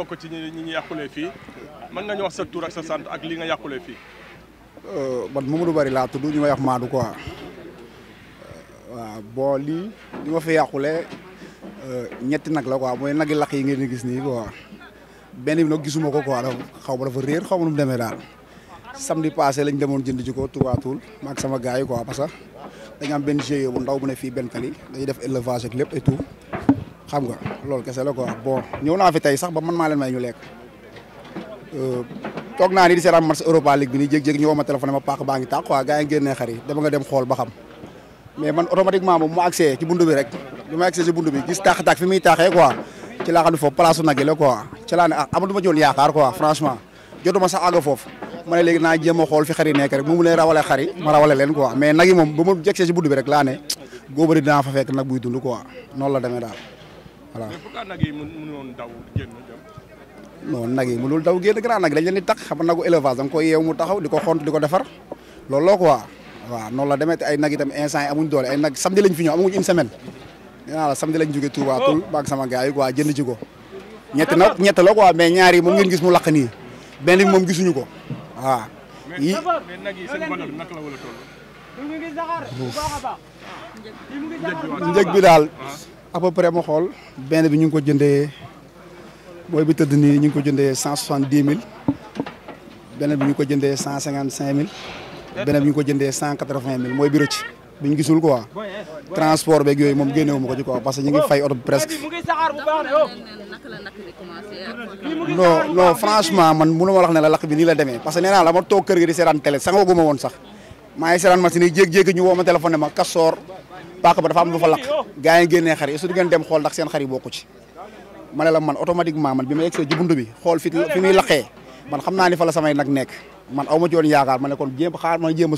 bokk ci ñi ñu yàqule fii mën nga ñu wax sa tur ak sa sant ak lii nga yàqule fii. Euh, man Mamadou Bari laa tudd ñu may wax Maadou quoi euh, waaw boo lii li ma fi yàqule euh, ñetti nag la quoi mooy nag yi laq yi ngeen di gis nii quoi benn bi nag gisuma ko quoi xaw ma dafa réer xaw ma nu mu demee daal samedi passé lañ demoon jënd ci ko tubaatul ma ak sama gars yi quoi parce que dañu am benn GIE bu ndaw bu ne fii benn tali dañuy def élevage ak lépp et tout. xam nga loolu kese la quoi bon ñëw naa fi tey sax ba man maa leen may ñu lekk euh, toog naa ni di seetaan match Europa League bi nii jékki-jékki ñu woo ma téléphone baa ngi tàq quoi gars yi génnee xar nga dem xool ba xam mais man automatiquement moom mu accès ci buntu bi rek bi ma accès fi muy tàqee quoi ci laa xam ne foofu place su nag la quoi ci laa ne ah amatuma joon yaakaar quoi franchement jotuma sax àgg foofu ma ne léegi naa jéem a xool fi xar yi nekk rek mu mu leen rawale xar yi ma moom ba mu jegsee ci buntu bi rek laa ne góobari dinaa fa la demee voilà mais pourquoi nag yi mënoon daw génn dem. non nag yi daw génn grand nag dañ leen di tax xam nagu élevage da nga koy yeew mu taxaw di ko xont di ko defar looloo quoi waaw noonu la demee te ay nag itam instant yi amuñ doole ay nag samedi lañ fi ñëw amuñ une semaine nee naa la samedi lañ jógee Touba oh. Toul maag sama gars yi quoi jënd ci ko. ñett nag ñett la quoi mais ñaar moom ngeen gis mu laq nii benn moom gisuñu ko waaw. yi bi daal ah. à peu près ma xool benn bi ñu ngi ko jëndee booy bi tëdd nii ñu ngi ko jëndee cent soixante dix mille beneen bi ñu ko jëndee cent cinquante cinq mille beneen bi ñu ko jëndee cent quatre vingt mille mooy bi rëcc bi ñu gisul quoi transport beeg yooyu moom wu ma ko ci quoi parce que ñu ngi fay oto bi presque. non non franchement man ma wax ne la lakk bi nii la demee parce que nee naa la ma toog kër gi di seetaan télé sangaguma woon sax maa ngi seetaan machine yi jékki-jékki ñu woo ma téléphone ne ma Castors paaka ba dafa am lu fa lakk gars yi génnee xar yi su ngeen dem xool ndax seen xar yi bokku ma ne la man automatiquement man bi ma yegsee ci bunt bi xool fi fi muy laqee man xam naa fa la samay nag nekk man aw ma ci ma ne kon jéem ma jéem a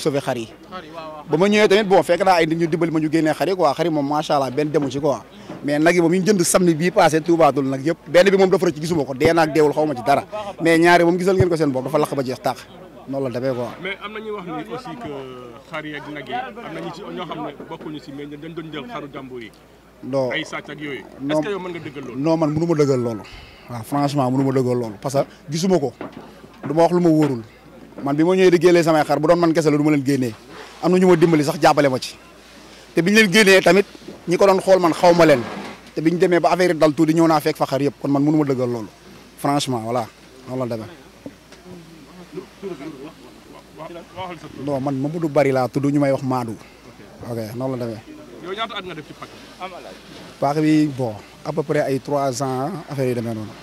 ba ma ñëwee tamit bon fekk naa ay nit ñu dimbali ma ñu génnee xar yi quoi xar moom macha allah benn demu ci quoi mais nag yi moom ñu jënd samedi bii passé tuubaatul nag yëpp benn bi moom dafa rëcc noonu la demee quoi. mais am na ñuy wax ni aussi que xar yeeg nag yi am na ñu ci ñoo xam ne bokkuñu si mais dañ doon jël xaru jàmbur yi. non ay sàcc ak yooyu. est-ce que yow mën nga dëggal loolu. non man mënu ma dëggal loolu. waaw franchement mënu ma dëggal loolu parce que gisuma ko du ma wax lu ma wóorul man bi ma ñëwee di génnee samay xar bu doon man kese la du ma leen génnee am na ñu ma dimbali sax jàppale ma ci te biñ leen génnee tamit ñi ko doon xool man xaw ma leen te biñ demee ba affaire yi dal tuuti ñëw naa fekk fa xar yëpp kon man mënu ma dëggal loolu franchement voilà noonu la demee non man Mamadou Bari laa tudd ñu may wax Maadou. ok noonu la demee. yow ñaata at nga bi bon à peu près ay trois ans affaire yi demee noonu